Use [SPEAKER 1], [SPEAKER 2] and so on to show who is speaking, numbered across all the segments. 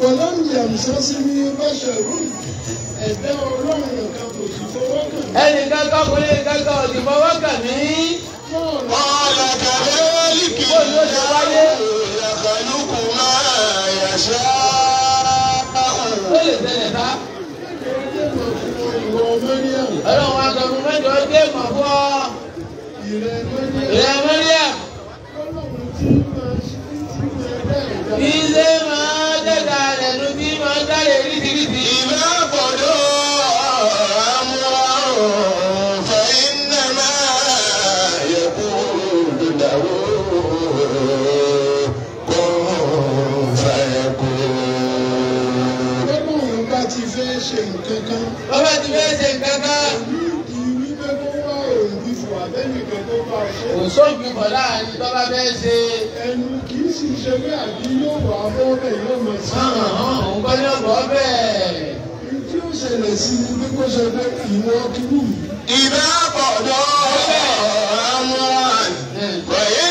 [SPEAKER 1] wọlọ́run yàmùsọ́sí ní bẹ́sẹ̀rún ẹ̀dá ọlọ́run kan kò sì fọwọ́ kàn mí. ẹnì kankan kò lè kankan ọ̀sìn fọwọ́ kàn mí. ọ̀la kàlẹ́ wọ́líkì ìyàgbọ́lùkù máa yàṣá. ó lè tẹ̀lé ta. ọlọ́run wa sọ fún mẹ́jọ dé mọ̀ fún ọ. ìrẹ̀ mẹ́ríà. ìrẹ̀ mẹ́ríà. ìrẹ̀ mẹ́ríà kò sóògùn bọ̀ láàrin bàbá bẹ́ẹ̀ ṣe. ẹnu kí sì ṣe pé àbí yóò wà bọ́ bẹ́ẹ̀ yóò mọ̀ sí. òun bá yóò bọ́ bẹ́ẹ̀. ìdí ó sí i pé kó ṣe pé ìwọ kìlú. ìbá bọ̀dọ̀ ọ̀rọ̀ àwọn àgbẹ̀yẹ.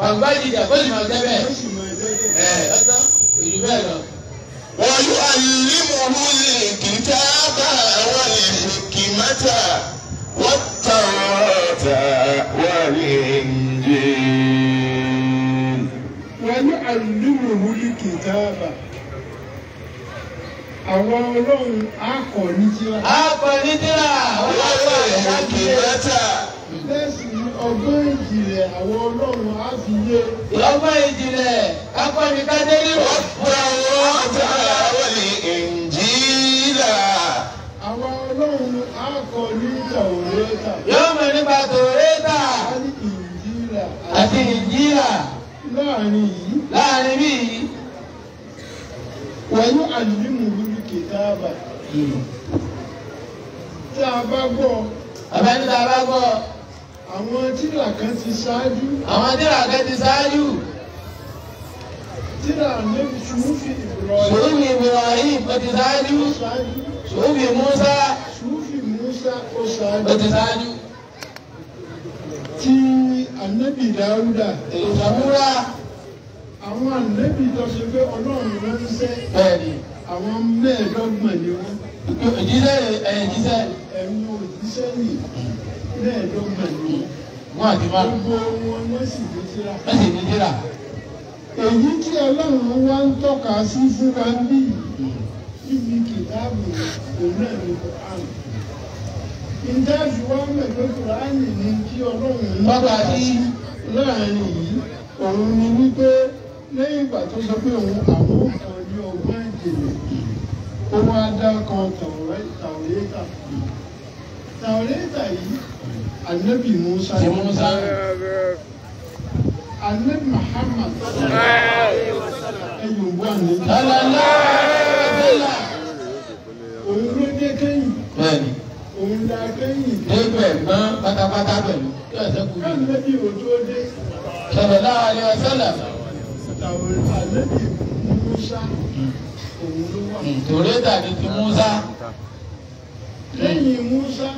[SPEAKER 1] màgbá ìdíjà kó sì máa jẹ́ bẹ́ẹ̀ ẹ̀ ìlú bẹ́ẹ̀ lọ. wọ́n yóò alimuhu lè kìtà bá wà lè kì mẹ́ta wọ́n tàn wọ́n tà wà jẹ́ wọ́n alúmùhù kìtàbà àwọn ọlọ́run akọ̀ ní tíra. akọ̀ ní tíra wọ́n lè kí lẹ́tà. bẹ́ẹ̀ ọgbọ́n ìjìnlẹ̀ àwọn ọlọ́run á fi yé. ọgbọ́n ìjìnlẹ̀ akọ́nikádélé wọ́n fún àwọn ọjà wọlé ìjìnlá. àwọn ọlọ́run á kọ ní tòrétà. yóò mọ̀ nípa tòrétà. a ní ìjìnlá. àti ìjìnlá. láàrin yìí. láàrin bí yìí. wọ́n àlùmí wúlú kìtàbà. tí a bá gbọ́. àbẹ́ni tí a bá gbọ́ àwọn tírà kan ti ṣáájú. àwọn tírà kan ti ṣáájú. tírà níbi sùúfì Ibrahim. sùúfì Ibrahim ó ti ṣáájú. sùúfì Musa. sùúfì Musa ó ṣáájú. ó ti ṣáájú. ti anabi Dáúdà. èyí sàmúrà àwọn ànábì tó ṣe pé ọlọ́run ránṣẹ́ àwọn mẹ́ẹ̀ẹ́dọ́gbọ̀n ni wọ́n. ìjíṣẹ́ ẹ̀yìn jíṣẹ́. ẹ̀yin òjíṣẹ́ yìí mẹ́ẹ̀ẹ́dọ́gbọ̀n ni wọ́n àti wá. gbogbo wọn ló sì ní tíra. wọ́n sì ní tíra. èyí tí ọlọ́run wá ń tọ́ka sí fún wa ń bí níbi kìtáàbù òun náà ní kòránì. ìdájú wa mẹ́ẹ̀ẹ́dọ́ kòránì ni kí ọlọ́run ń tọ́ka sí láàrin yìí òun ni wípé lẹ́yìn ìgbà tó sọ pé òun àwọn kan ní ọgbọ́n ìjìnlẹ̀ ó wá dá kan tàwọ́rẹ́ta tàwọ́rẹ́ta yìí anabi musa ti musa anabi muhammad ẹyọ bu anabi lalala ẹgbẹla òun ló dé kẹ́yìn bẹ́ẹ̀ni òun la kẹ́yìn débẹ gbọn pátápátá pẹ̀lú kí ọsẹ kú mi anabi òjò dé sọlọlá alẹ ọsẹlẹ anabi musa hmm. òun ló wà. torí hmm. tàbí ti musa lẹ́yìn musa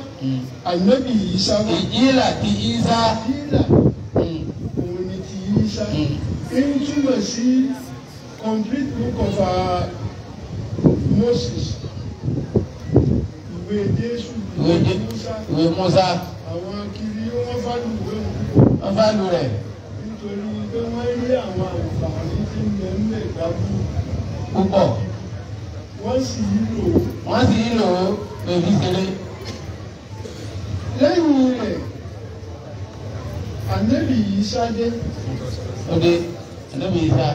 [SPEAKER 1] ànábì isa wa ìdílà ti isa ìdílà hmm. òun ni ti isa ń hmm. túmọ̀ sí complete book of uh, Moses ìwé jésù ìwé musa àwọn kiri wọn fàlù rẹ wọn fàlù rẹ nítorí pé wọn rí àwọn àǹfààní tí ń bẹ ń púpọ̀ wọ́n sì ń lò wọ́n sì ń lò ó èyí lẹ́yìn rẹ̀ ànábì Ìsá dé ọdẹ ànábì Ìsá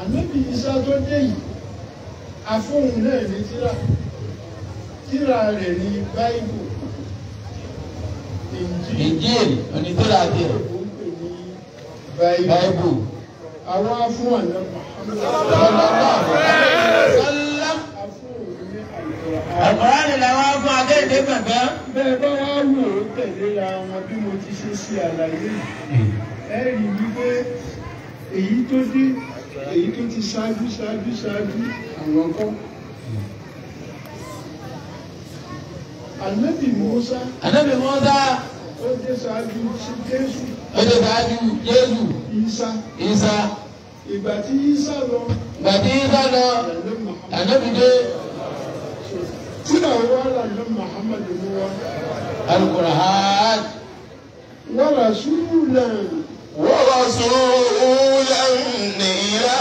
[SPEAKER 1] ànábì Ìsá tó dé yìí afóhùn náà ní tírà tírà rẹ̀ ní báìbù ìjíìrì onítírà tiẹ̀ báìbù àwọn afúnwọ̀n náà àkọ́rá ni làwọn á fún akéde gbọ̀ngàn. bẹ́ẹ̀ bá wá wò ó tẹ̀lé ra wọn bí mo ti ṣe ṣe àlàyé ẹ rí i wípé èyí tó dé èyí tó ti ṣáájú ṣáájú ṣáájú àwọn kọ́. Ànábì Mùsá. Ànábì Mùsá. Ó dé ṣáájú Jésù. Ó dé ṣáájú Jésù. isa Ìsá. Ìgbà tí Ìsá lọ. Ìgbà tí Ìsá lọ. Ànábì dé. القرآن ورسولا ورسولا إلى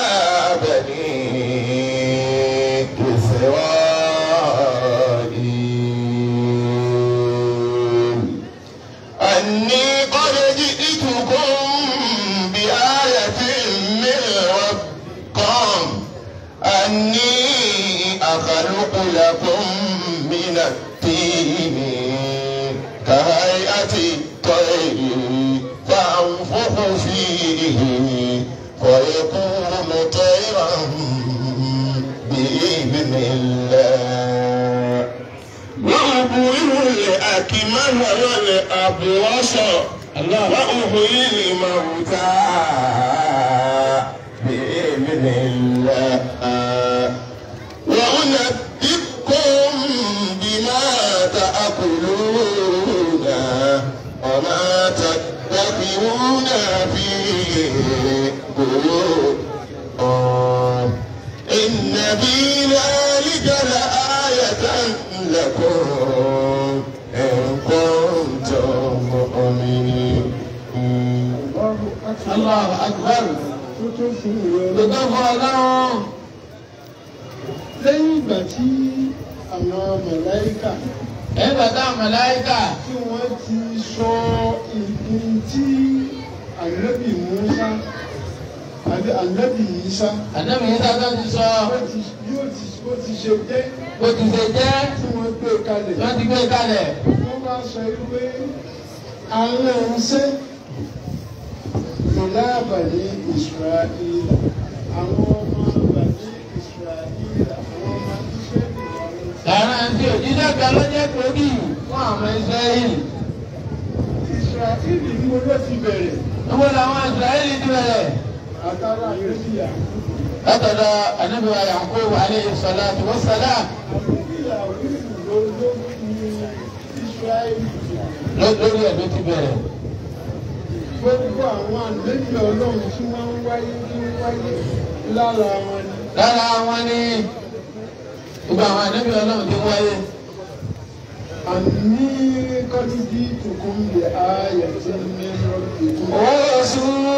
[SPEAKER 1] بني يكون مطيرا بإذن الله وأبوه الأكمل والأبرص وأحيي الموتى بإذن الله وأنبئكم بما تأكلون وما يكون فيه قلوب إن في ذلك لآية لكم إن كنتم مؤمنين
[SPEAKER 2] الله أكبر
[SPEAKER 1] lọ́dọ̀fọ́ ọlọ́run lẹ́yìn bàtà màláíkà tí wọ́n ti sọ ìpín tí ànábì Mùsá àti ànábì Ìsá. ànábì Ìsá tó ti sọ. yóò ti bó ti ṣe jẹ́. bó ti ṣe jẹ́. tí wọ́n gbé kalẹ̀. wọ́n ti gbé kalẹ̀. wọ́n bá sọ pé àwọn ìṣe ìlà àbàlẹ̀ Ísírẹ́lì àwọn ọmọ àbàlẹ̀ Ísírẹ́lì àwọn ọmọ Ísírẹ́lì. yàrá àti òjíṣẹ́ kan ló jẹ́ pé bí fún àwọn Ísírẹ́lì ìsirahìlì ni wọ́n ti bẹ̀rẹ̀. níbo làwọn ìsirahìlì ti bẹ̀rẹ̀. àtàrà àgbẹ̀síyà. látọ̀dọ̀ anábìwá Yakubu aleyhi salatu wa salam. àgbẹ̀síyà onílù ló ní ìsirahìlì. lórí ẹ̀ ti bẹ̀rẹ̀. gbogbo àwọn àlejò ọlọ́run tí wọ́n ń wáyé ń wáyé lára wọn ni. lára wọn ni gbogbo àwọn àlejò ọlọ́run ti wáyé. أني قد جئتكم بآية من ربكم ورسول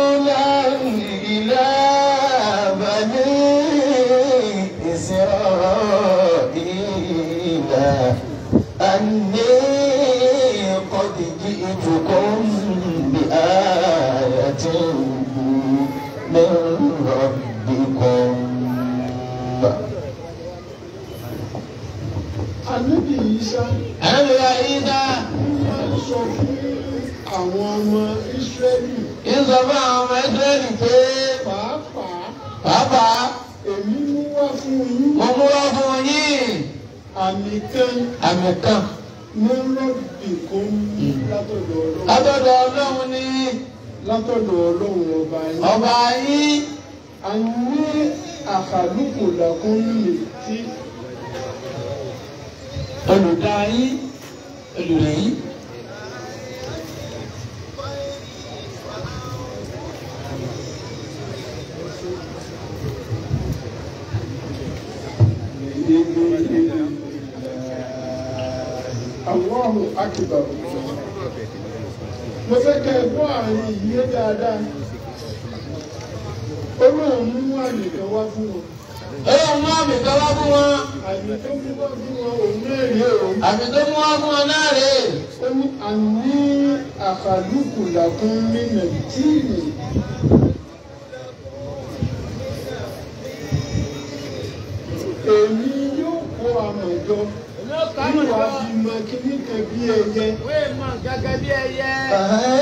[SPEAKER 1] ìwà fi mọ kíní kan bí ẹyẹ. wéè mọ gẹ́gẹ́ bí ẹyẹ.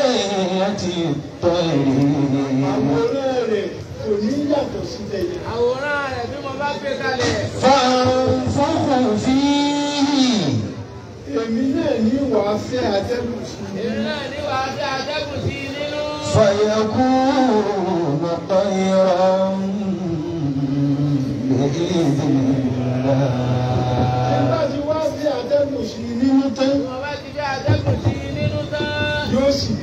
[SPEAKER 2] ẹyẹ ti tọ́ èrè. àwòrán
[SPEAKER 1] rẹ̀ kò ní yàtọ̀ sí tẹ̀yẹ. àwòrán rẹ̀ bí mo bá gbé kalẹ̀. fọ́nfọ́n fi èmi náà ní wàá fẹ́ atẹ́gùn sí i. èmi náà ní wàá fẹ́ atẹ́gùn sí i
[SPEAKER 2] nínú. fàyẹ̀kú lọ́tọ̀ yẹra lè ìdílé náà.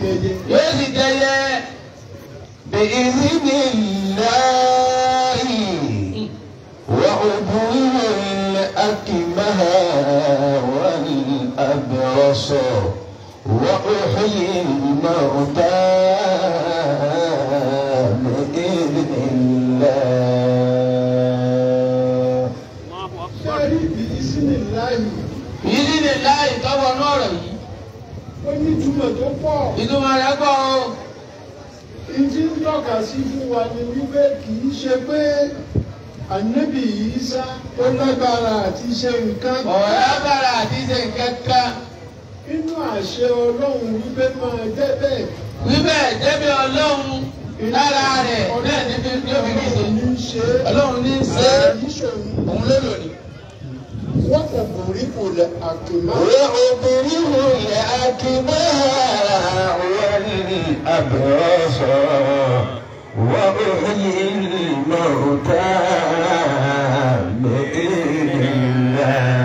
[SPEAKER 1] yóò sì jẹyẹ bí ìsìnkú láàyè wà ògùn ìwé akìmáhà wà ní abẹ́rọ́sọ wà òhìyè mọ̀ọ́tà bí ìsìnkú láàyè. ṣé rí bí ìsìnkú láàyè. ìdílé láàyè tọwọ́ náà rẹ̀. ìtumọ̀ tó pọ̀. ìtumọ̀ rẹ̀ pọ̀ o. ìdí ń tọ́ka sí fún wa ni wípé kì í ṣe pé ànábì Ìsá ó lágbára àti ṣe nǹkan. ọ̀rọ̀ lágbára àti ṣe nǹkan kan. inú àṣẹ ọlọ́run wípé máa jẹ́ wípé jẹ́bi ọlọ́run lára rẹ̀ bẹ́ẹ̀ ni bí ó fi kí ṣe. ọlọ́run ní í ṣe òun ló lò ní. وأبرئ الأكمه وأبرئ الأكمه والأبرص وأحيي
[SPEAKER 2] الموتى بإذن الله.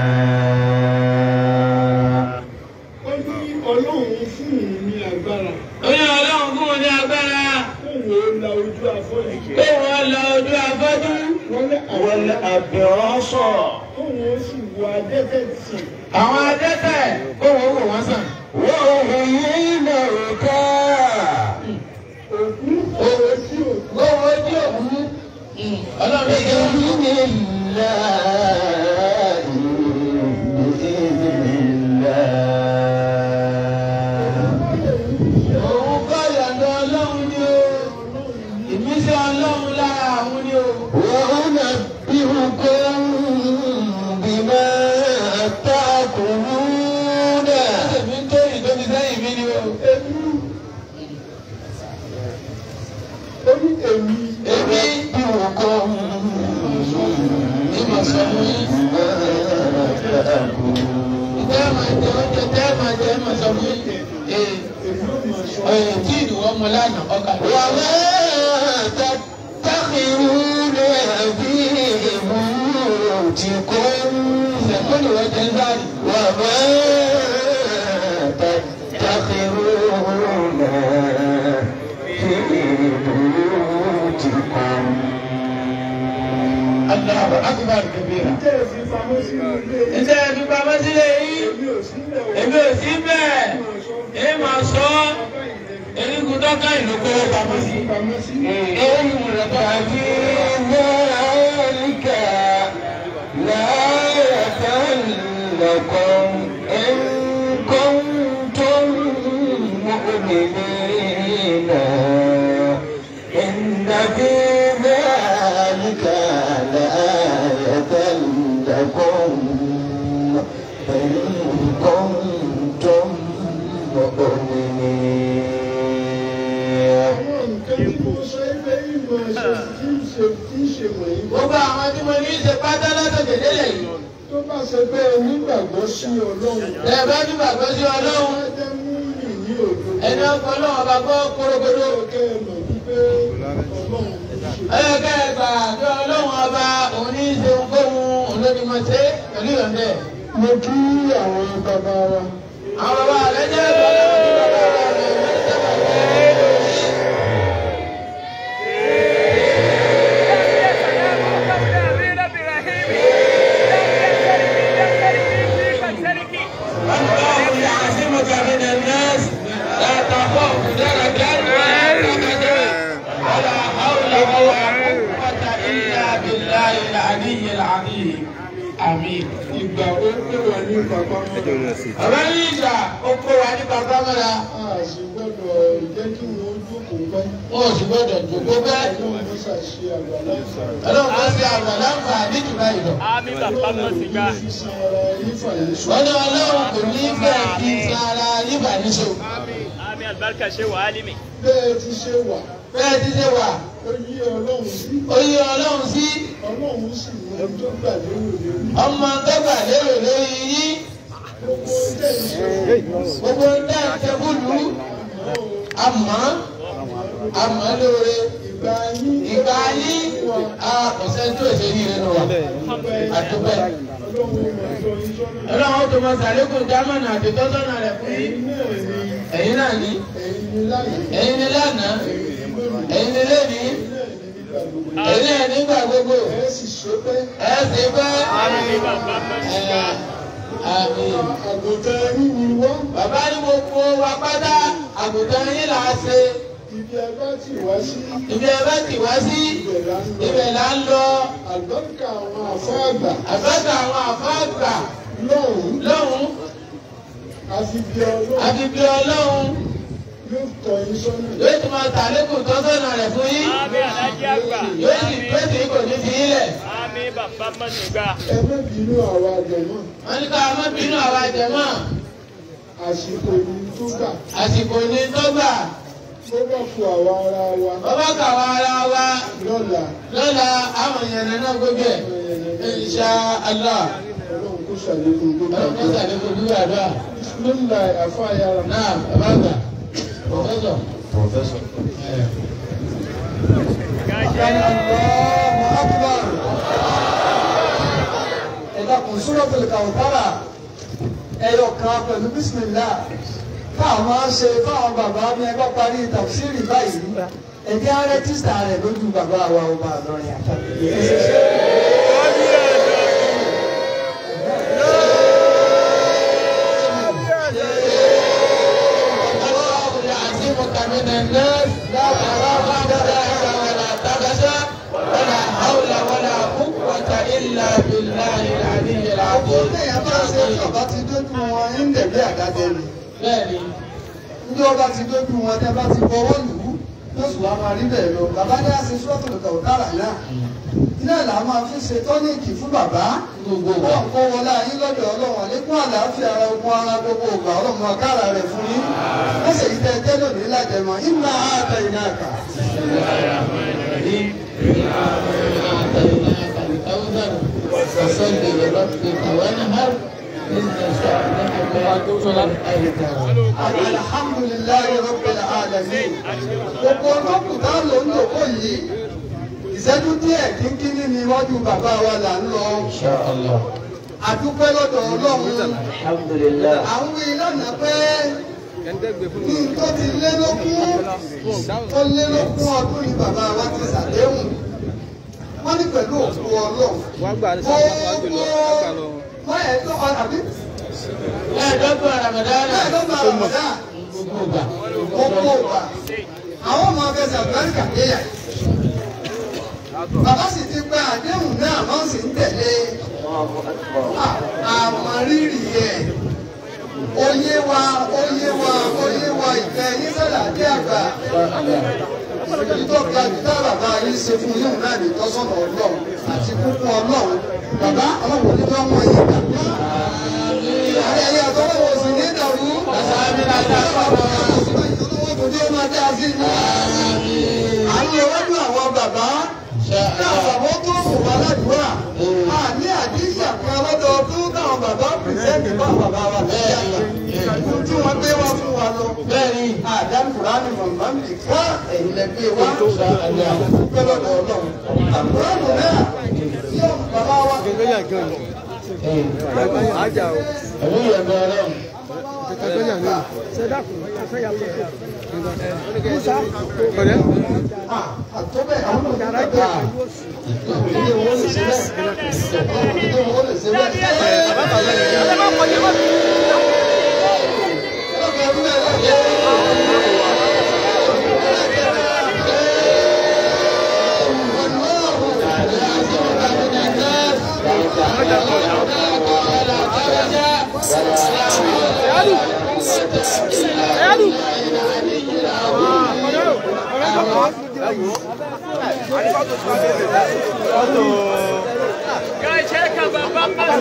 [SPEAKER 1] Ọlọ́run fún mi agbára. Oyún ọlọ́run fún mi agbára. Kóhùn ó la ojú afọ́jú. Kóhùn ó la ojú afọ́jú. Wọ́n lé àbẹ̀rọ̀ sọ̀rọ̀ àwọn adẹ́tẹ̀ kó wọ́n wò wọ́n sàn. wọ́n wò yín lọ òkà. òkú sí òkú. lọ́wọ́ ojú òkú. Hmm. ọlọ́run ìjọba yín ni ìlà. fún lánàá ọkà. wà á tàkìrú lè bí ìmúlò tí kò ń sẹ́kọ́ ni wọ́n jẹ́ ń dárí. wà á tàkìrú lè bí ìmúlò tí kò ń. Aláàbò Akíbárì Kébìrà. Ǹjẹ́ ẹ̀mí pamọ́ sílẹ̀ yìí? Èmi ò sí bẹ́ẹ̀. Èmi ò sọ dọ́gà ìlú kó pamọ́ sí. èyí mú rẹ̀ pàdé. mo ní í ṣe pátá látòkè délẹ̀ yìí. tó bá ṣe pé ẹ nígbàgbọ́ sí ọlọ́run. ẹ bá nígbàgbọ́ sí ọlọ́run. ẹni ọkọ ọlọ́run ọba gbọ́ kórógbódó. ọlọ́kẹ́ ẹgbà tó ọlọ́run ọba òun ní ṣe ohunkóhun olódìmọ̀ṣẹ́ pẹ̀lú ìrọ̀lẹ́. mo kí àwọn bàbá wa. àwọn bàbá rẹ jẹ́ bàbá wa. mi ìgbà ó kó wa ní bàbá mọ́ra ọ̀rẹ́ yìí ìgbà ó kó wa ní bàbá mọ́ra. a sì gbọ́dọ̀ jẹ́ kí wọ́n jókòó pẹ́. wọ́n sì gbọ́dọ̀ jókòó pẹ́. ọlọ́run ló ṣàṣe àgbà láǹfààní. ọlọ́run ló ṣe àgbà láǹfààní jù báyìí lọ. àmì bàbá mọ́ sí gbà. ọlọ́run ọlọ́run kò ní bẹ́ẹ̀ kí n sara yíbà níṣó. àmì àlùbáríkà ṣe wà á lé mi. bẹ́ẹ̀ ti ṣe wà. bẹ́ẹ̀ ti ṣe wà ó yí ọlọ́run sí. ó yí ọlọ́run sí. ọlọ́run sì mọ ohun tó gbà lérò lórí. ọmọ tó gbà lérò lórí yín. gbogbo dẹ́ ìṣe. gbogbo dẹ́ ìṣe búlù. àmọ́ àmọ́ lóore. ìgbà yín. ìgbà yín. a kò sẹ́ni tó ṣe yín nínú wa. àtúbẹ̀. ọlọ́run tó máa sàlékún jámánà àti tọ́sánà rẹ̀ fún yín. ẹ̀yin náà ni. ẹ̀yin ni lánàá ẹ̀yin ilé ní ẹ̀yin ẹ̀ nígbà gbogbo ẹ̀ sì pẹ́ àmì àgùntàn yín ni wọ́n. bàbá ní mo kó wa pátá àgùntàn yín là á ṣe. Ibi ẹ bá ti wá sí. Ibi ẹ bá ti wá sí. Ibẹ̀ là ń lọ. Àlọ́kà àwọn àfọ́ àgbà. Àlọ́kà àwọn àfọ́ àgbà. Lọ́hùn. Lọ́hùn. Àfi bí Ọlọ́hun. Àfi bí Ọlọ́hun yóò tọ́ máa tà lẹ́kùn tọ́sọ́nà rẹ̀ fún yín. àmì alájí àgbà. yóò sì pèsè kò ní fi ilẹ̀. bàbá mọ̀nìgbà. ẹ má bínú àwa jẹ̀mọ́. wọ́n ní ká má bínú àwa jẹ̀mọ́. àsìkò ní tó àsìkò ní tó gbà. bá kù àwa ara wa. bó bá kù àwa ara wa. lọ́la. lọ́la àwọn èèyàn náà gbogbo ẹ̀. insha Allah kusa ne kun duka. Kusa ne kun duka da. Professor. Professor. Àkàní Allahu eh. Akbar. Ẹ̀dá kò súnmọ́ tó lè kà ó bára. Ẹyọ kan pẹ̀lú bísímìlá. Fáwọn ṣe fáwọn bàbá mi ẹgbẹ́ parí tàfsírì báyìí. á rẹ́jísítà rẹ̀ lójú bàbá wa ọba Ìlọrin àtàkùn. bí àdájẹ́ ni. bẹ́ẹ̀ni. ọba ti dójú wọn tẹ ti fọwọ́ lù ú lóṣù wa máa rí lọ bàbá ní àṣẹ sọ́tòlùtà ọ̀daràn náà iná là máa fi ṣe tọ́níìkì fún bàbá gbogbo ọkọ wọlé ayé lọ́dọ̀ ọlọ́run àlékún àlàáfíà ara ogun ara gbogbo ògbà rẹ̀ fún yín lọ́sẹ̀ yìí lónìí lájẹmọ́ ìmọ̀ وصلي alhamdulilayi rabbil alamin gbogbo ọlọ́kùn tá a lò ń lò kó yìí ìṣẹ́jú díẹ̀ kínkínní ni iwájú bàbá wa là ń lọ. àdúpẹ́ lọ́dọ̀ ọlọ́run àwọn ìlànà pé kí n tó ti lé lókún tó lé lókún ọdún ni bàbá wa ti ṣàdéhùn wọ́n ní pẹ̀lú òkú ọlọ́run gbogbo mọ́ ẹ̀ẹ́dọ́gbọ̀n àbí. ẹ̀ẹ́dọ́gbọ̀n Ramadan. ẹ̀ẹ́dọ́gbọ̀n Ramadan. gbogbo ògbà gbogbo ògbà àwọn ọmọ fẹsẹ̀ àgbáríkà déyà. bàbá sì ti gba àdéhùn náà wọ́n sì ń tẹ̀lé àmọ́ rírì ẹ̀ oyé wa oyé wa oyé wa ìfẹ́ yín sọ̀rọ̀ àdé àgbà ìtọ́ka ìtọ́ bàbá yín ṣe fún yóò náà lè tọ́sọ̀nà ọlọ́run àti kúkú ọlọ́run bàbá ọlọ́wọ́ ní tó mọ iye gbà. ààrẹ yẹ ọ̀tọ́lọ́wọ́ sì ní ìdàrú. àwọn ìwádìí àwọn bàbá náà sàbọ̀ tó kù wá ládùúrà. àní àdíjà kan lọ́dọọdún táwọn bàbá pèsè nípa bàbá wa lẹ́yìn àgbà ojú wọn gbé wá fún wa lọ. bẹ́ẹ̀ni àdàkùránì màmá mi wá ẹ̀yìn lẹ́gbẹ́ wá àyà pẹ́lọ́dọ̀ ọlọ́run. àkùránì náà tí ó bàbá wa. ẹ̀mí ìyàgbẹ́ ọlọ́run. Àtọ́bẹ̀ àwọn ọmọ ìgbà ìdílé wọn lè ṣe bẹ́ẹ̀. Ìdílé wọn lè ṣe bẹ́ẹ̀. Guys, check out my papa.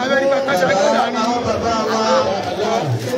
[SPEAKER 1] Amẹ́ríkà kásá.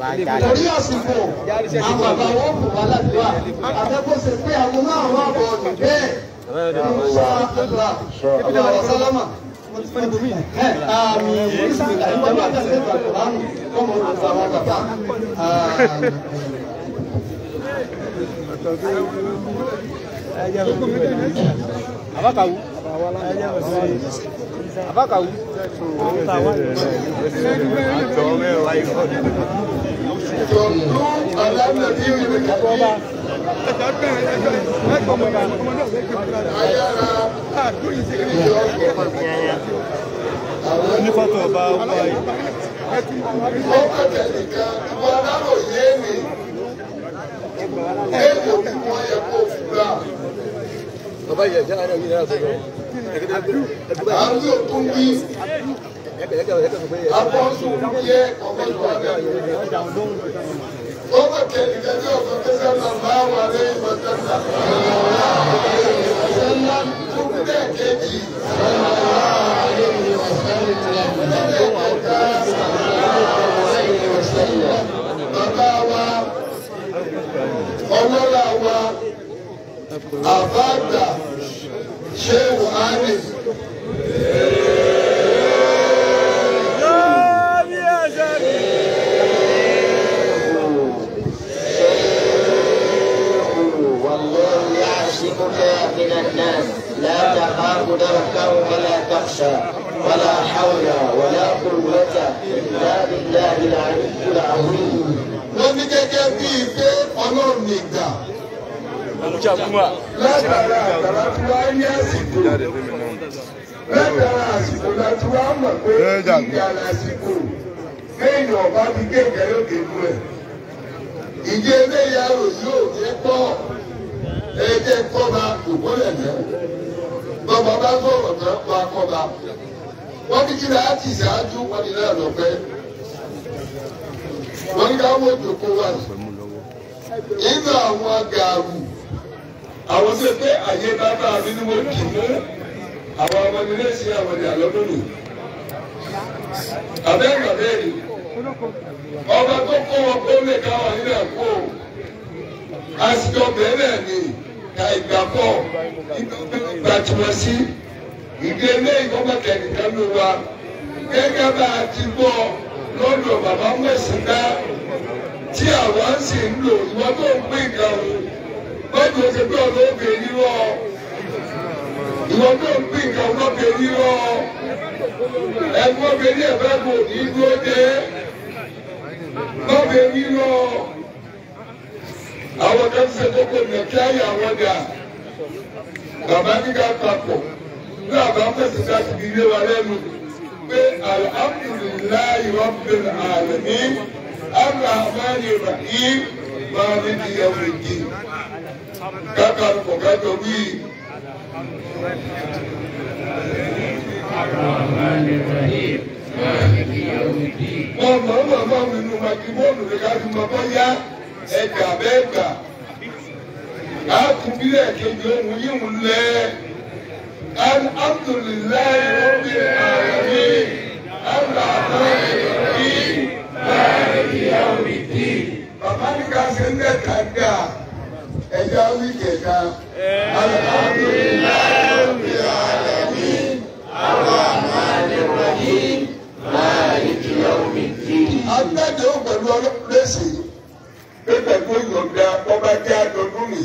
[SPEAKER 2] torí àsìkò àwọn bàbá wọn kò wá ládùúgbà
[SPEAKER 1] àtẹ́kọ̀ọ́sẹ̀ pé àwọn náà wà bọ̀ ọ̀dùn bẹ́ẹ̀
[SPEAKER 2] ìmúṣà àdúrà ọ̀rọ̀ sálámà.
[SPEAKER 1] Àmín ìsìnkà ìjọba àti ìsìnkà kòránù kọ́mọ òkúta wọn kàtà. Abakawu. Abakawu. Abakawu to do another deal with the onífọ́tò ọba ọba yìí. ó bàtẹ̀ nìkan wọ́n dárò yé mi èèwọ̀ ni wọ́n yẹ kó fura. bàbá yìí ẹ̀jẹ̀ ara yìí náà tó lọ. àdúgbò kún bí akọ́sùnmíye ọ̀gbẹ́dùwàdé ó bẹ̀ kẹ́lí kẹ́lí ọ̀sán kẹ́sẹ́ náà bá wà lé ìwọ̀sán náà ọ̀sán náà tó kú bẹ́ẹ̀ kejì bàbá wa ọlọ́lá wa àbáta ṣéwù يعشقك من الناس لا تخاف دركه ولا تخشى ولا حول ولا قوة إلا بالله العلي العظيم wọ́n ní gẹ́gẹ́ bí ìfẹ́ ọlọ́run nìkan. látara àtàrà tí wàá ní àsìkò látara àsìkò láti wàá mọ̀ pé ìyá lásìkò kéèyàn ọba fi kéèké lókè mú ẹ̀. ìdí eléyàwó yóò fi pọ̀. ẹjẹ kọba ògbólẹ̀ náà bàbá bá sọ̀rọ̀ náà wà kọba wọ́n ní kí ni a ti ṣáájú wọ́n ní náà lọ́pẹ́ wọ́n àwọn àwọn pé mi ni mo kì mú àwọn ọmọ mi lè ṣe àwọn abẹ́rẹ́ abẹ́rẹ́ ọba tó kó wọn kó lè nílẹ̀ àsìkò bẹ́ẹ̀ ni ka ìgbà pọ̀ ìgbà tí wọ́n sí ìdílé ìkọ́mọ̀tẹ̀ nìkan ló wa gẹ́gẹ́ bá a ti gbọ́ lọ́dọ̀ bàbá mẹ́sìnká tí àwa ń sì ń lò ìwọ tó ń pín nǹkan o lọ́dọ̀ ti bí ọ̀dọ́ obìnrin rọ ìwọ tó ń pín nǹkan o lọ́bìnrin rọ ẹ̀gbọ́n obìnrin ẹ̀fẹ́ kò ní dúró dé lọ́bìnrin rọ àwọn kan ṣe kókó nìyẹn kí á yà wọ́n dà bàbá gíga papọ̀ ní àbá fẹsẹ̀ láti fi ilé wa lẹ́nu pé alhamdulilayi rabbil alamin arahmani rahim maami di yawmi di kaka kọ kaka wi. arahmani rahim maami di yawmi di. wọ́n mọ̀ ọ́n mọ̀ ọ́n mi nù màkì bọ́ọ̀lù rẹ̀ ká fi mọ̀ bọ́ yá ẹgbà bẹ́ẹ̀ gbà káàkùn bílẹ̀ kejì ohun yíwù lẹ alhamdulilayi rabbi alami alhamdulilayi rabbi alami yawmidi. bàbá mi ka ṣe ń bẹ ká dà ẹja wí kẹta alhamdulilayi rabbi alami alhamdulilayi rabbi alami yawmidi. adájọ́ pẹ̀lú ọlọ́pàá lẹ́sìn pépè kó yọ̀ǹda ọba jẹ́ àdọ́dún mi.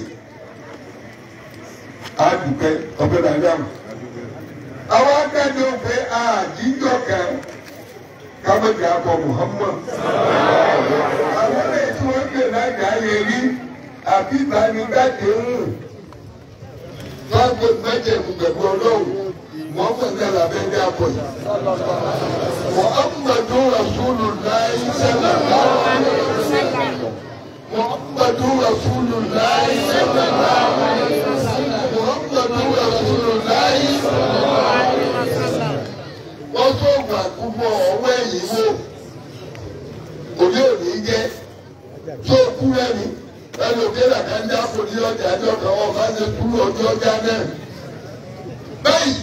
[SPEAKER 1] Àdùkẹ́ ọ̀bẹ Mariam. Àwọn akájọ fẹ́ àjíjọ kan kábẹ́jà akọ Muhammad. Àwọn ilé tí wọ́n gbé náà dá yẹ rí àbí ìbánigbàdé ń rùn. Lágbo mẹ́jẹ̀mú pẹ̀lú ọlọ́run wọ́n mọ̀ ní alábẹ́ ní àpò yìí. Wọ́n á mú ẹ̀dùn Rasulullah sẹ́lẹ̀ láwọn ọ̀rẹ́. Muhammadu Rasulullah sallallahu alaihi wasallam. Muhammadu Rasulullah sallallahu alaihi wasallam. Wọ́n tó gbà púpọ̀ ọwọ́ ẹ̀yìn wò. Òní òní jẹ́ tó kú ẹni. Ẹni òkè làkà ń dáko ní ọjà ẹjọ́ kan wọ́n bá ṣe kúrò ọjọ́ ọjà náà. Bẹ́ẹ̀ni,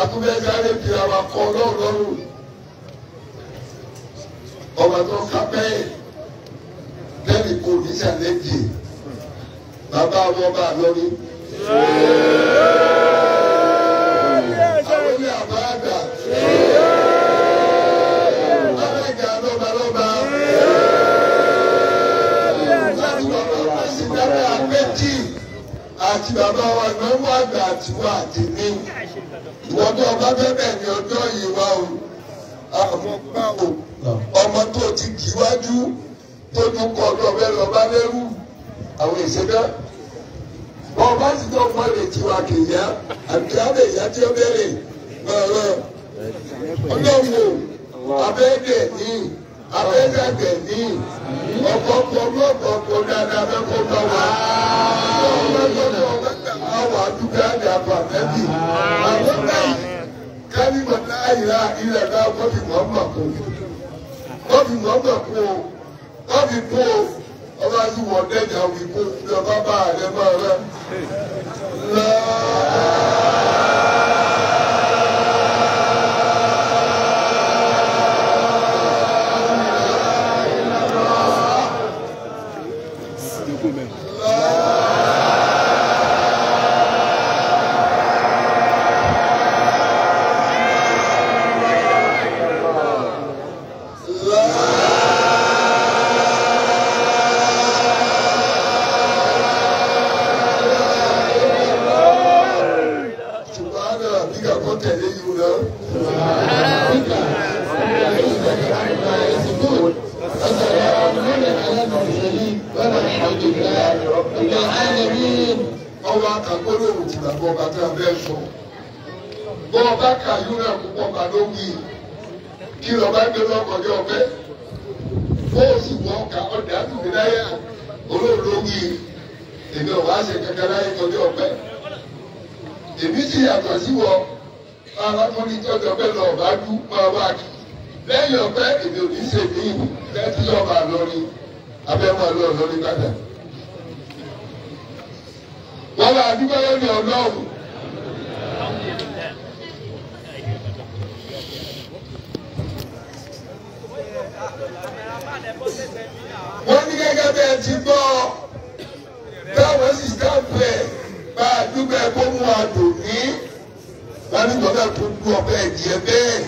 [SPEAKER 1] àtúbẹ̀sáré fi àwọn akọ ọlọ́run lọ́rùn. Ọ̀bàtàn kápẹ́yìn lẹ́nu kò ní ṣàlẹ́jì bàbá wọn bá lọ ní.
[SPEAKER 2] àwọn ní àbá àgbà. alága lọ́ba
[SPEAKER 1] lọ́ba. láti bàbá wa sí dára àpẹ́jì àti bàbá wa náwó àgbà àtiwọ́ àti ní. ìwọ́n tó ọba bẹ́ẹ̀ bẹ́ẹ̀ ni ọjọ́ yìí wá o. àwọn pa. ọbẹ̀ lọ́ba lẹ́rú àwọn ìṣẹ́dá wọn bá ti tó mọ lè tiwa kìyà àti àbẹ̀ ìyá tí ó bẹ̀rẹ̀ lọ́rọ̀ ọlọ́wọ́ abẹ́ẹ̀dẹ̀ ní abẹ́ẹ̀dẹ̀ ní ọ̀pọ̀pọ̀ lọ́pọ̀pọ̀ dáadáa mẹ́kọ̀ọ́ bá wà á wà á dúkìá ní àbàmẹ́bí àwọn báyìí kálímọ̀ láyà ilẹ̀ náà wọ́n fi mọ̀ọ́mọ̀ kú wọ́n fi mọ̀ọ́mọ̀ kú wọ́n fi kú ọba yìí wọ dẹjà wí kó bá rẹ mọ rẹ olóòlù wí èmi ò wá ṣe kankan láyé tọjú ọpẹ́ èmi sì yàtọ̀ sí wọ máa bá tó ní tọjú ọpẹ́ lọ ọba dú máa wá kí lẹ́yìn ọpẹ́ èmi ò ní ṣe ní ìlú lẹtí ọba lọrin abẹ́wọ̀n lọ lọrin padà wọ́n bá dúpẹ́ lórí ọlọ́run. Thank you gẹ́gẹ́ bí ẹ ti gbọ́ táwọn sì sáàpù bá a dúpẹ́ kó mú wa dùn ní wọn bẹ́ẹ̀ kó dùn ọ̀bẹ́ ẹ̀jẹ̀ bẹ́ẹ̀.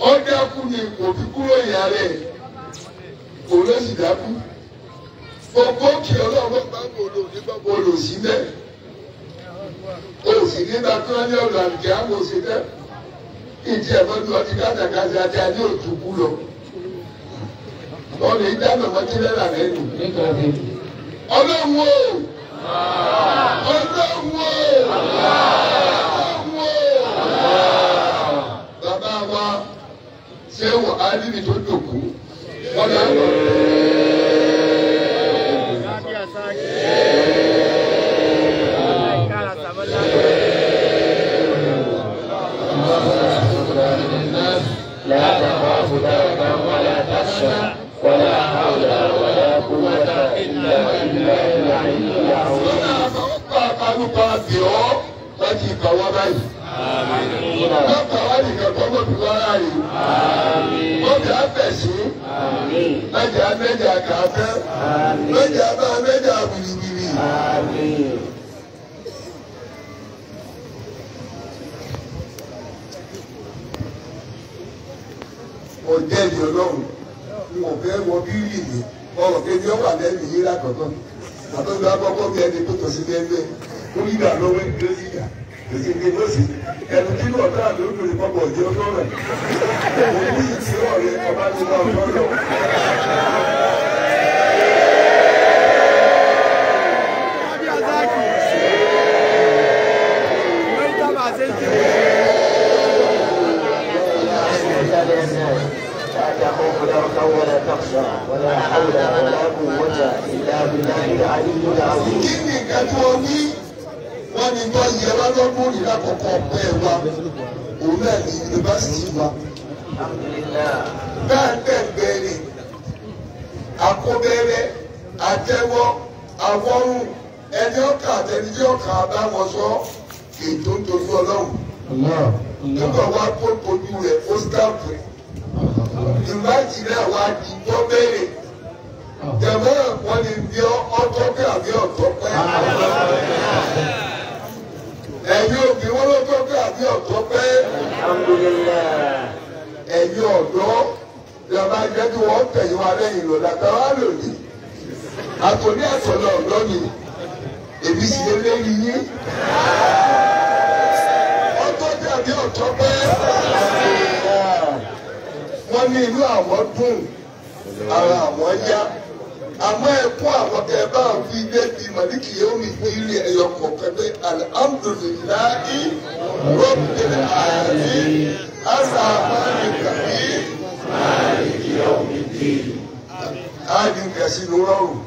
[SPEAKER 1] ó dákú ni kò kúrò ìyá rẹ̀ kò ló sì dákú gbogbo kí ọlọ́run bá bolo nígbà bolo sí bẹ́ẹ̀ òsì nígbà tó ń yọ̀ làǹkì àwọn òsì bẹ́ẹ̀ ìdí ẹ̀fọ́ ní ọtí kátàkátà àti adé òtún kú lọ. Ọ̀nà ìdáná wọn ti lẹ́la lẹ́nu. Ọlọ́run o! Ọlọ́run o!
[SPEAKER 2] Ọlọ́run o!
[SPEAKER 1] Bàbá wa ṣé wọ́n á rí mi tó dòkú? Wọ́n lọ́ọ́ lọ́ọ́.
[SPEAKER 2] هداك ولا تخشى ولا
[SPEAKER 1] حول ولا قوة إلا بالله العلي العظيم láti ìkàwá báyìí. wọ́n kàwá nìkan tó mọ̀ fún ara yìí. wọ́n kà á fẹ̀sí. mẹ́jà mẹ́jà kà á fẹ́. mẹ́jà bá mẹ́jà wìrìwìrì. ọjẹ́ ìdí ọlọ́run n kò fẹ́ wọ bírí mi ọ̀rọ̀ kejì ọ̀wà lẹ́nu yìí lákọ̀ọ́kọ́ àtọ́jú akọ́kọ́ bí ẹni tó tọ́sí lẹ́gbẹ́ ó yí dà lọ́wọ́ ẹni tó sì yà èsì ní lọ́sì ẹnu tí wọ́n tà ló lórí pọ́pọ̀ ọ̀jẹ́ ọlọ́run òun yìí ti ọ̀rẹ́ ọba tó bá ọ̀tọ́ lọ. wala hawla wala quwwata illa billahi al-aliyyil azim. kí ni nǹkan tí o ní wọ́n ní tó yẹ wá lọ́dún ìlà kọ̀ọ̀kan bẹ́ẹ̀ wa òun náà ní yunifásitì wa. bẹ́ẹ̀ bẹ́ẹ̀ bẹ́ẹ̀ ni akóbẹ́rẹ́ àtẹ́wọ́ àwọ́rùn ẹni ọkà àtẹnidí ọkà àbáwọn sọ ètò ń dojú ọlọ́run. nígbà wá kó kojú rẹ̀ ó sítáàpù rẹ̀ ìmájì náà wá di tó béèrè oh. jẹ̀mọ́ ẹ̀kọ́ ni bí ọtọ́ pé àbí ọ̀tọ́ pẹ́. ẹ̀yin òbí wọn ló tọ́ pé àbí ọ̀tọ́ pẹ́. ẹ̀yin ọ̀dọ́ lọ́ba jẹ́ kí wọ́n tẹ̀yìn wa lẹ́yìn lọ làtàrà lòdì. àtòní àtọ̀lọ̀ ọ̀dọ́ ni èbí sì lé lé yín. àwọn ní inú àwọn dùn ara àwọn yá àmọ́ ẹ̀kún àwọn tẹ̀ bá ń fi dé bí màlíkì yóò mi kiri ẹ̀yọ kọ̀ọ̀kan pé alihamudulilayi rọ́bìnrin àyàlí àṣà àmàlì kàbí. màlíkì yóò mi kiri. a ní gẹ̀ẹ́sì ló rọrùn.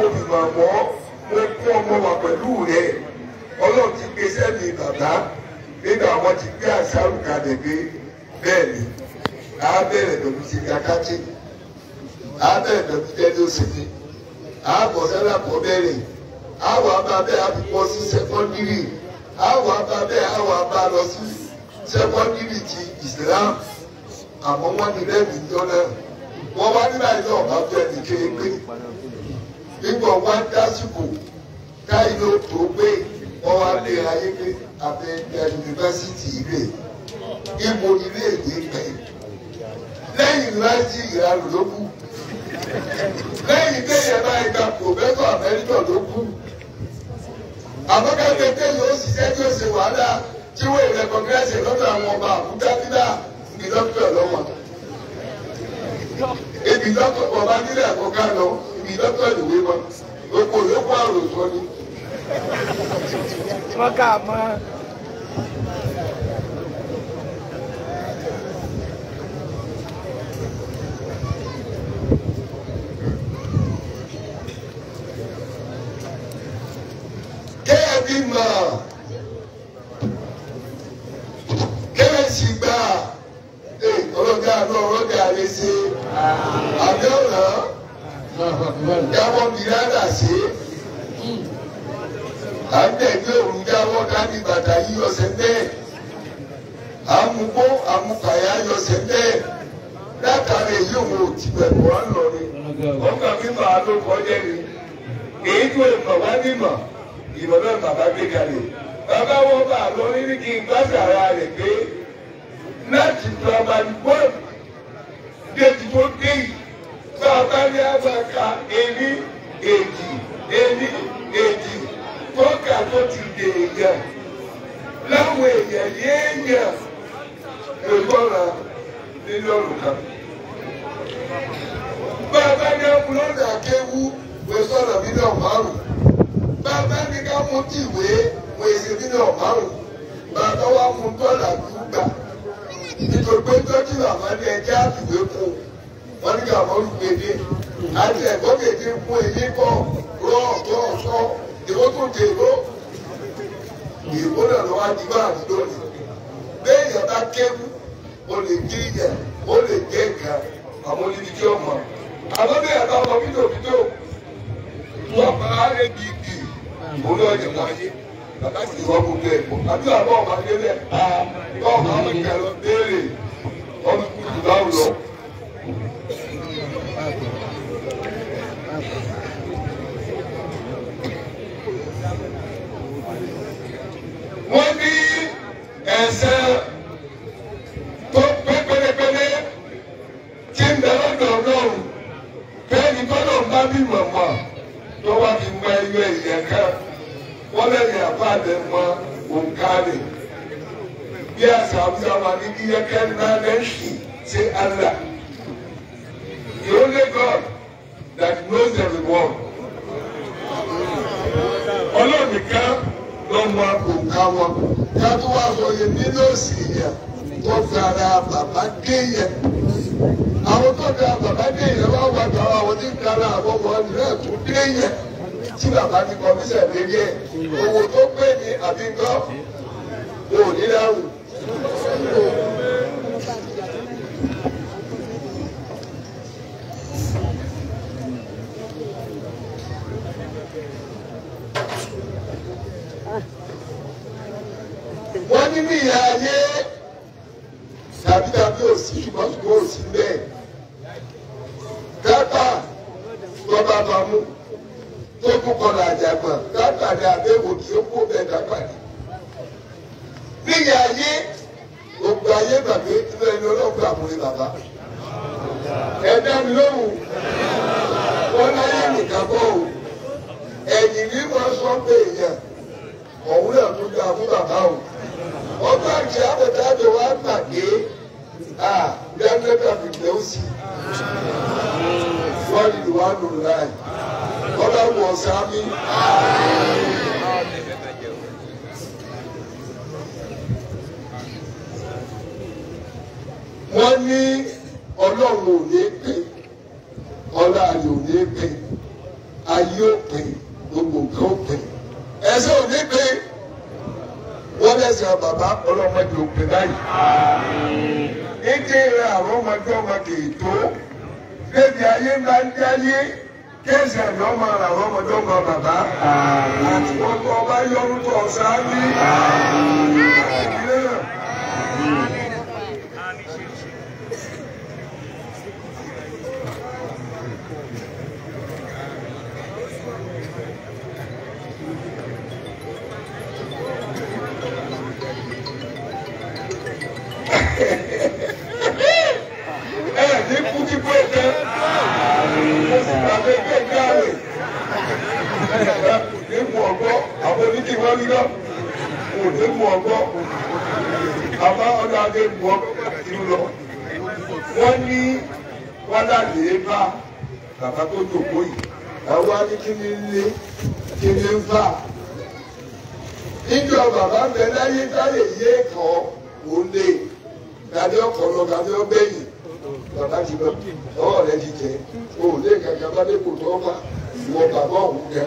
[SPEAKER 1] kó fi mà mọ́ ó kó ọmọ wa pẹ̀lú rẹ̀ ọlọ́run ti gbé sẹ́mi bàbá nígbà wọn ti gbé àṣàrù kalẹ̀ gbé bẹ́ẹ̀ ni a bẹ̀rẹ̀ pẹ̀lú sika kátì a bẹ̀rẹ̀ pẹ̀lú tẹ́lẹ̀ òsèlè a sẹ́lá kọ́ bẹ̀rẹ̀ a wà bá sí sẹ́kọ́ndírì a wà bá bẹ́ẹ̀ lọ sí sẹ́kọ́ndírì ti Islam àmọ́ wọ́n ní lẹ́mìí jọ náà wọ́n wá nígbà yìí náà bá bẹ́ẹ̀ ní kéèké nígbà wá dásìkò táyọ̀ tó gbé wọn wá gbé ayé pé abẹ́ẹ̀dá yunifásitì ilé ibo ilé èdè pẹ̀ lẹ́yìn láti ìranù ló kù lẹ́yìn téèyàn bá gba pòfẹ́sọ̀ amẹ́ríkà ló kù àbọ̀kẹ́kẹ́ téèyàn ó ṣiṣẹ́ tí ó ṣe wàhálà tí wọ́n èrè kọ́ngírẹ́sì lọ́dọ̀ àwọn ọba àbújá dídá ìdọ́kítọ̀ lọ́wọ́ ibi lọ́kọ̀ ọba nílẹ̀ àkọ́kọ́ lọ ibi dọ́kítọ̀lì wé mọ́ oko yòókù àròsọ ni. wọ́n kà á mọ́. kẹ́ẹ̀bí jáwọ́ miranda ṣe à ń dẹ̀gbé òru jáwọ́ dání bàtà yí ọ̀sẹ̀ bẹ́ẹ̀ àmúgbó àmúkàyà yọ̀sẹ̀ bẹ́ẹ̀ látàrí èyí òun ò ti bẹ̀rù wá lọ ni ọkàn mímọ́ àlókọ́ jẹ́ ni èyí tó ìmọ̀ wá nímọ̀ ìmọ̀ náà bàbá gbé kalẹ̀ bàbá wọn bá a lọ nínú kí n bá sàrà rẹ̀ pé láti tọ́ ọba ní bọ́ọ̀lù dé ti tó dé yìí tá a bá ní àgbàkà ení èjì ení èjì tó kà tó ti dè èèyàn láwọn èèyàn yéèyàn lè gbọ́ra mílíọ̀nù kan. bá a bá ní ọkùnrin ọ̀dà kéwú wẹ́ sọ̀rọ̀ mílíọ̀nù márùn-ún a bá ní ká mú tìwé wẹ́ sí mílíọ̀nù márùn-ún bàbá wa mú dọ́là dùgbà nítorí pé tọ́jú bàbá ní ẹjẹ́ àfiwé kù wọ́n ní kí àwọn olùgbèdè àti ẹ̀gbọ́n gèdè mú èyí bọ̀ rọ́ọ̀tọ̀ ọ̀tọ̀ èwo tó dé ló èwo náà ló wá di báà lónìí bẹ́ẹ̀ bá kéwú o lè gé yẹ o lè gé ga àwọn olùdí tí ó mọ̀ àwọn bẹ́ẹ̀ bá wọ fídíò fídíò wọ́n bá rẹ̀ gidi òun náà yẹ wáyé bàbá sì wọ́n kó bẹ́ẹ̀ kó àbí àbọ̀ ọ̀bá délẹ̀ bọ́ọ̀ bá wọn kẹ́ béèrè ọdún kùtù báwo lọ. wọ́n ní ẹ̀sẹ̀ tó pé pélépélé tí ń bẹ lọ́dọ̀ ọlọ́run bẹ́ẹ̀ ni gbọ́dọ̀ bá bí mọ̀mọ́ tó wá fi mọ ẹyọ ìyẹn kan wọ́n lẹ́yìn àbáàdẹ mọ òǹkàlẹ̀ bí àṣà àwùjọ wa ní kíyẹ́kẹ́ náà lẹ́sìn sí Allah. The only God that knows the reward. Ọlọ́run nìkan lọ́mọ òǹkà wọn ká tó wá wọye mílíọ̀sì yẹn tó dára bàbá dé yẹn àwọn tó dára bàbá dé yẹn wá wà gbà wá àwọn tí ń dára àwọn wọn nílẹ̀ tó dé yẹn tí bàbá ti kọmíṣẹ̀ lérí ẹ̀ owó tó pè ní àbíkọ́ òní láwù. gómìnà ayé tàbí tàbí òsì ṣùgbọ́n ṣùgbọ́n òsì bẹ́ẹ̀ kápá tọ́ba mamu tó kún kọlà àjàgbọ̀n kápá ni àbẹ̀wò kí ó kó bẹ́ẹ̀ dápà ní. níyà ayé gbogbo ayé bàbá ìdúró ẹni ọlọ́gbà àmúrí bàbá ẹ̀dá mi lóhùn wọn láyé nìkan bọ́ ò ẹ̀yìn ní wọ́n sọ pé èèyàn ọ̀hún yà tó dáa fún bàbá o ọba àti àbẹ̀tàbẹ̀ wa pàdé à gbẹ́ndẹ́gbẹ́ àbẹ̀tẹ̀ ó sì wọ́n lè wá lò láì ọba wọ̀ sámi. wọ́n ní ọlọ́run ò ní pè báyìí. Ètè àwọn ọmọdé ọmọ tó. Bébí ayé ńlá ń dáyé. Kéèsì àná máa àwọn ọmọdé ọmọ bàbá. Àti wọn kọ́ ọba yọrù tó ọ̀sán ní. ọgbọ́ bàbá ọdọ adé bu ọgbọ́ ìlú lọ wọ́n ní wọ́n lálẹ́ bá bàbá tó jòkó yìí àwọn akíkíní ní kíní ń fà níjọ bàbá bẹ láyé táyé yé kọ́ òun lè dàdé ọkọ̀ lọ dàdé ọbẹ̀ yìí bàbá ti lọ ọwọ́ rẹ ti tẹ o lè kàkà bá dé kò tó ọba ìwọ bàbá òun gẹ.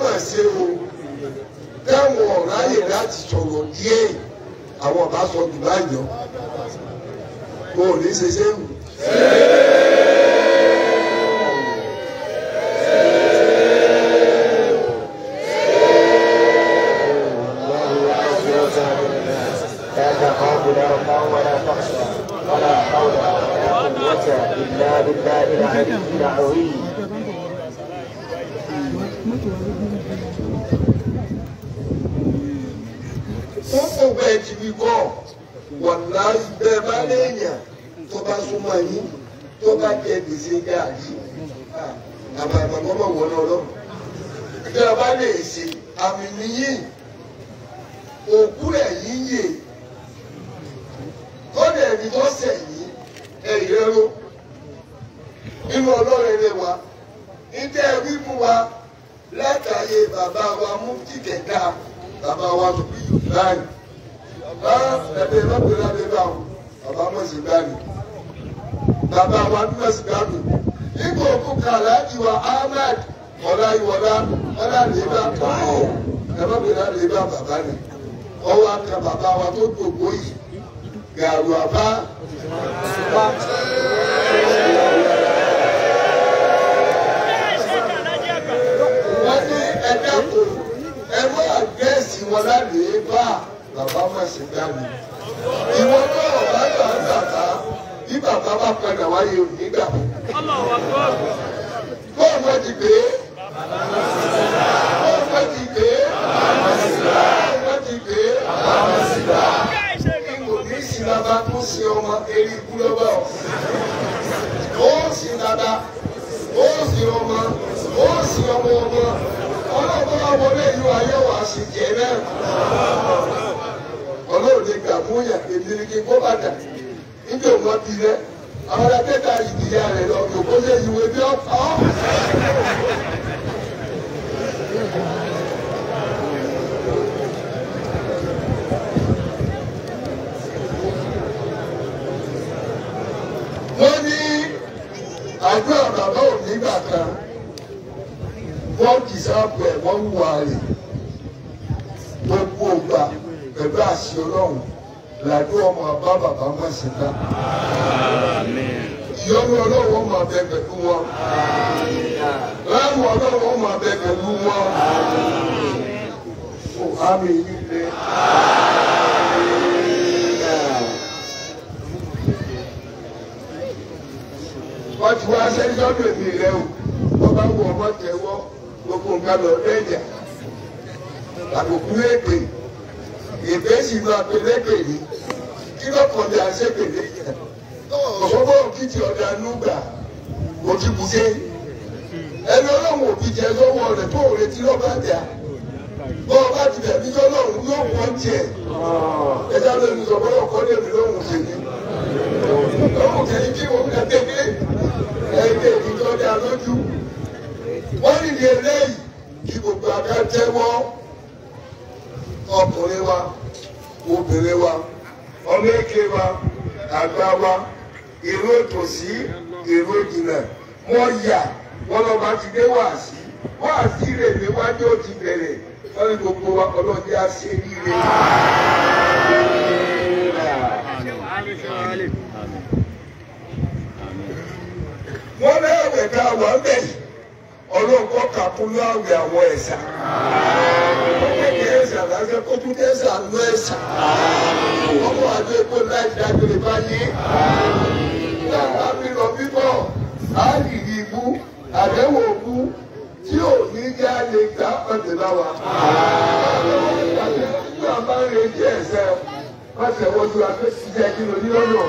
[SPEAKER 1] mà ṣe o táwọn ọ̀ráyè láti sọ̀rọ̀ díẹ̀ àwọn ọ̀bá sọ Dubai lọ wọn ò ní ṣe ṣéwù. bá padà wáyé òní gbà. bóun ẹ ti gbé. bóun ẹ ti gbé. bóun ẹ ti gbé. ìwò ní sinaba tó ṣe ọmọ eré ikú lọ́wọ́ ó sì dada ó sì ọmọ ó sì ọmọ ọmọ ọlọ́gbọ́n wọlé ìlú ayé wa sì jẹ́ náà ọlọ́run ní gbà fún yàtọ̀ èmi ní kí n kó bàtà níbi òun ọtí rẹ àwọn ẹgbẹ́ kárí ìdíyà rẹ̀ lọ yòókó lé ìwé bí ọ̀pọ̀. wọ́n ní àjọ bàbá òní gbà kan wọ́n kì í sáàbù wọ́n wù wá rè gbogbo ògbà pẹ̀lú àṣẹ ọlọ́run làdú ọmọ bá bàbá mọ̀ sí ká. ìyọ́nú ọlọ́wọ́ ọmọ abẹ pẹ̀lú wọn. láàmú ọlọ́wọ́ ọmọ abẹ pẹ̀lú wọn. o àmì yìí lé. wọ́n ti wá sẹ́jọ́ lèmi rẹ̀ o wọ́n bá wọ ọmọ tẹ̀wọ́ gbogbo nǹkan lọ lẹ́jà àbùkù èdè èdè sì máa pe lẹ́gbẹ̀ẹ́ yìí kílọ̀pù ọ̀dà ṣẹ́pẹ̀lẹ̀ ọ̀fọ́fọ́ òkìtì ọ̀dà nùgbà òjìbùdé ẹni ọlọ́run òbíjẹ lọ́wọ́ rẹ̀ tó retí lọ́ba dà bọ́ ọba ti bẹ̀bí tọ́lọ́run ní òkun tiẹ̀ ẹja ló ní sọ̀bọ́ ọkọ lèmi lóhùn tèmi lóhùn tèmi kí wọn kẹ́kẹ́ gbé ẹgbẹ́ ìjọba lójú wọ́n nìyí eléyìí kí gbogbo akẹ́tẹ́wọ́ ọkùnrin wa obìnrin wa ọmọ èké wa àgbà wa èrò tòsí èrò jìnnà wọ́n yà wọ́n lọ́ba ti dé wàásì wàásì rẹ̀ mi wájú ó ti bẹ̀rẹ̀ wọ́n ní gbogbo wa ọlọ́dẹ àṣírí rẹ̀. wọ́n lẹ́wẹ̀ẹ́ ká wọ́n bẹ̀rẹ̀ ọlọ́run kọ́ kà kún ní àwẹ̀ àwọn ẹ̀sà kókó ní ẹ̀sà lásán kókó ní ẹ̀sà lọ ẹ̀sà ọmọ àti epo láì dájú lè bá yé dábàá mi lọ bíbọ̀ á yìí ibú àdéhùn òkú tí ò ní yá lè gbà pàdé láwa. Ní àbá rẹ̀ jẹ́ ẹ̀sẹ̀, wọ́n tẹ̀wọ́ ju afẹ́síjẹ́ kí ló ní lọ́dọ̀.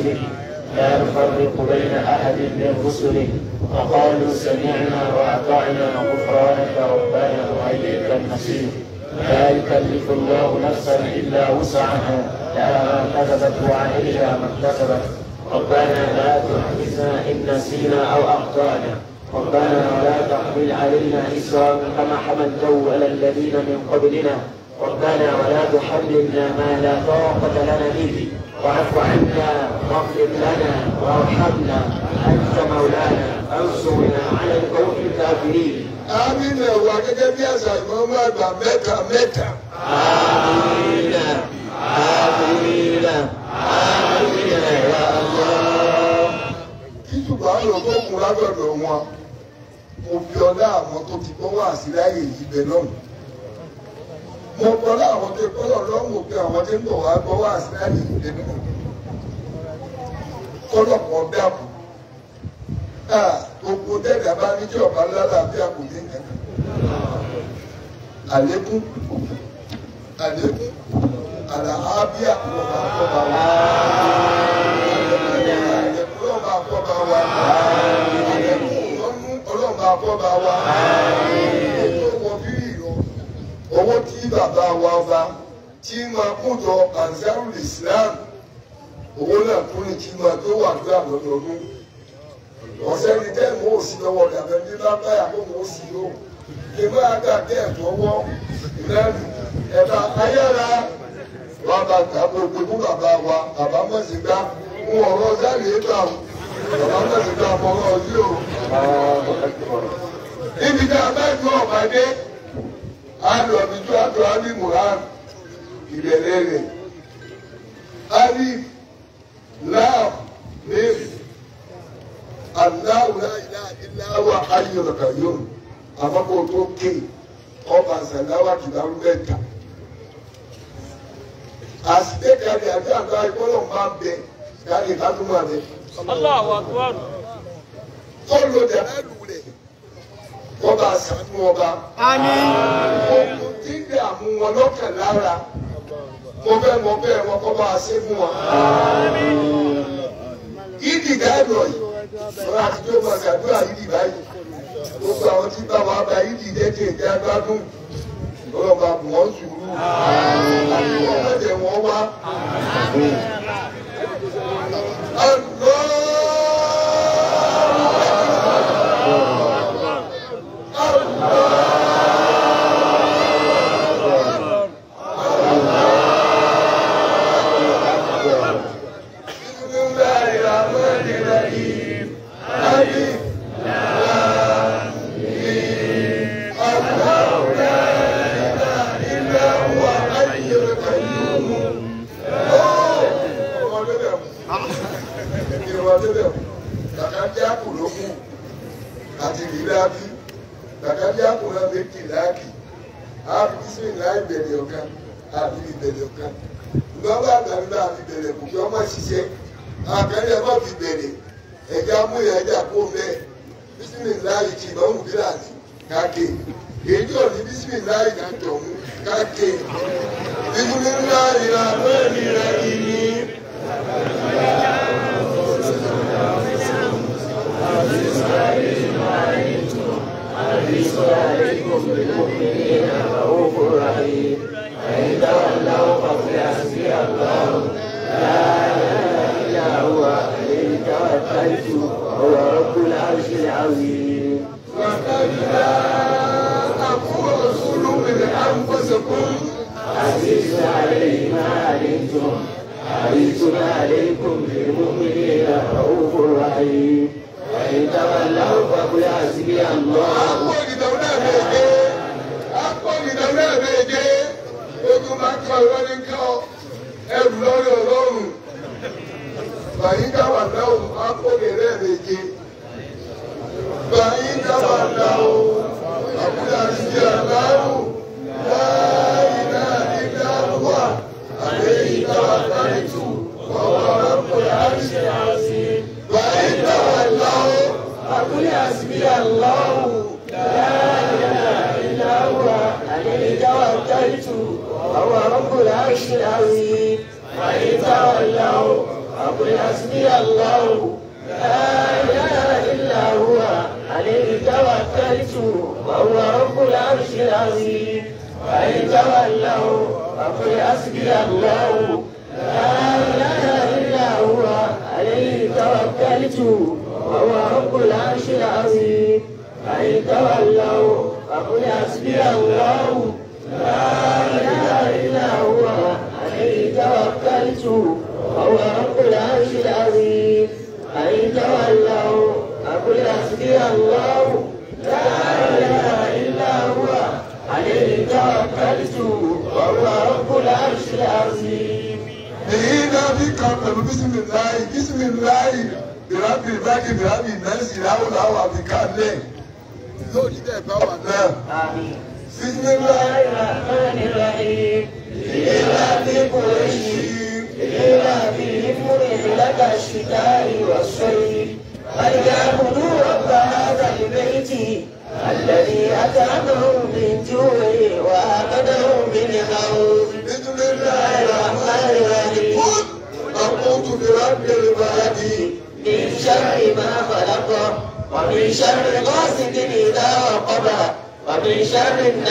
[SPEAKER 1] رسله لا نفرق بين أحد من رسله وقالوا سمعنا وأطعنا غفرانك ربنا وإليك المصير لا يكلف الله نفسا إلا وسعها لا ما كسبت وعليها ما اكتسبت ربنا لا تحرزنا إن نسينا أو أخطأنا ربنا لا تحمل علينا إسرا كما حملته على الذين من قبلنا ربنا ولا تحملنا ما لا طاقة لنا به واعف عنا واغفر لنا وارحمنا أنت مولانا انصرنا على القوم الكافرين آمين وكذا في أسعد محمد متى متى آمين آمين آمين يا الله ìtùbà ń lò tó kún lágbàdo àwọn tó ti gbọ́ wá sí láyé ìbẹ̀ lọ́hùn mo gbọ́dọ̀ àwọn tó gbọ́dọ̀ lọ́wọ́ òkè àwọn tó ń bọ̀ wá gbọ́ wá sí láti ìdílé mi kọ́dọ̀ pọ̀ dàbò gbogbo dẹ́gbà bá ní tí ọba ní àlékún àlékún ọba àkọ́bà wá àlékún ọba àkọ́bà wá àlékún owó tí bàbá wa ọba tí máa kó jọ Ansarul Islam owó náà kún ní kí máa tó wà ní àlọ́dọọdún ọ̀sẹ̀ ní tẹ́ẹ̀mù ó sì lọ́wọ́ rẹ̀ abẹ́ ní lábáyà kó mọ̀ ó sì yó ìmú àgbà bẹ́ẹ̀ tọ́wọ́ ìlẹ́rù ẹ̀ka ayára wà bàtà gbogbo fún bàbá wa bàbá mọ̀sí gbá ń ọ̀rọ̀ sáré gbà ó bàbá mọ̀sí fọwọ́ ojú o. níbi tá a bá gbọ́ ọ̀bàdé alọ̀bíjú àtọ̀ alí muhan ìbẹ̀rẹ̀ rẹ̀ alif laam mim aláwọ̀ aláwọ̀ ayọ̀lọ̀kà yóò àmọ́kò tó ké ọba sàláwà kìláwù mẹ́ta àsìkè kárí àti àgbà ìgbọ́dọ̀ máa bẹ kárí ìbádùn máa bẹ. ọlọ́wọ́ àgbọ̀rù. ó lo dẹ̀rẹ́lù wọ́n bá sànú ọba. àmín. ogun tí ń dààmú wọn lọ́kàn lára mo fẹ́ mọ bẹ́ẹ̀ wọn kọ́ bá a ṣe fún wọn. àmín. ìdí gáàdọ̀ yìí ọ̀rọ̀ àtijọ́ máa gbàdúrà ìdí báyìí gbogbo àwọn tí bá wa bá ìdí dẹ́tẹ̀ ìdí agbádùn ọ̀rọ̀ bá bù wọ́n sùúrù àti wọ́n mọ̀jẹ̀ wọ́n wá. àlọ́. wa débẹ̀ kàkà jákù ló kù àti rírabí kàkà jákù náà méjì láàkì àbísí láì bẹ̀rẹ̀ ọ̀kan àbí ìbẹ̀rẹ̀ ọ̀kan ìgbàgbọ́ àgbàdo náà àfi bẹ̀rẹ̀ kò kí ọmọ ṣiṣẹ́ àkàrẹ́ ọmọ fi bẹ̀rẹ̀ ẹ̀jẹ̀ amúyẹ̀ ẹ̀jẹ̀ àpò bẹ́ẹ̀ bísí láì ti ìbámu bíláàdì kàkè èyí ò ní bísí láì náà tọ̀hún kàkè bísí
[SPEAKER 2] عليكم بالمؤمنين رؤوف رحيم فإن تولوا فقل حسبي الله لا إله إلا هو عليه توكلت وهو رب العرش العظيم وقد جاءكم رسول من
[SPEAKER 1] أنفسكم عزيز عليه ما علمتم حريص عليكم بالمؤمنين رؤوف رحيم وإن تولوا فقل حسبي الله méje akọ́nìdá náà méje egun máa kọ́ lọ́ní kọ́ ẹrù lórí ọlọ́run bàyíká wà láwù akọ́nìdá méje bàyíká wà láwù àbúrò àti ìyá láwù láyé náà ní láwù wà àlẹ́ ìta wà láyé tù.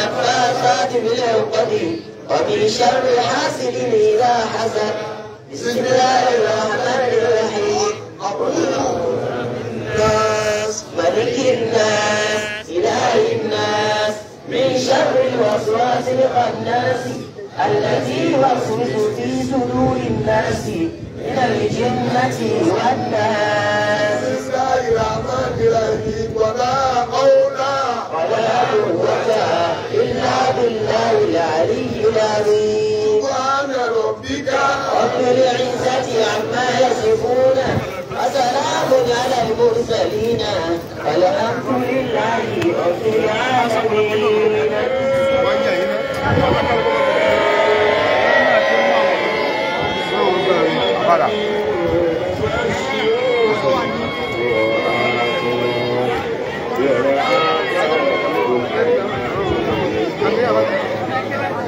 [SPEAKER 1] النفاثات بالعقد ومن شر حاسد إذا حسد بسم الله الرحمن الرحيم الناس ملك الناس إله
[SPEAKER 2] الناس من شر
[SPEAKER 1] الوسواس الخناس الذي يوسوس في صدور الناس من الجنة والناس بسم الله الرحمن الرحيم ولا قول ولا قوة العلي العظيم سبحان ربك رب العزة عما يصفون وسلام على المرسلين والحمد لله رب العالمين Para. Gracias.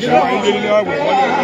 [SPEAKER 2] Alhamdulillah.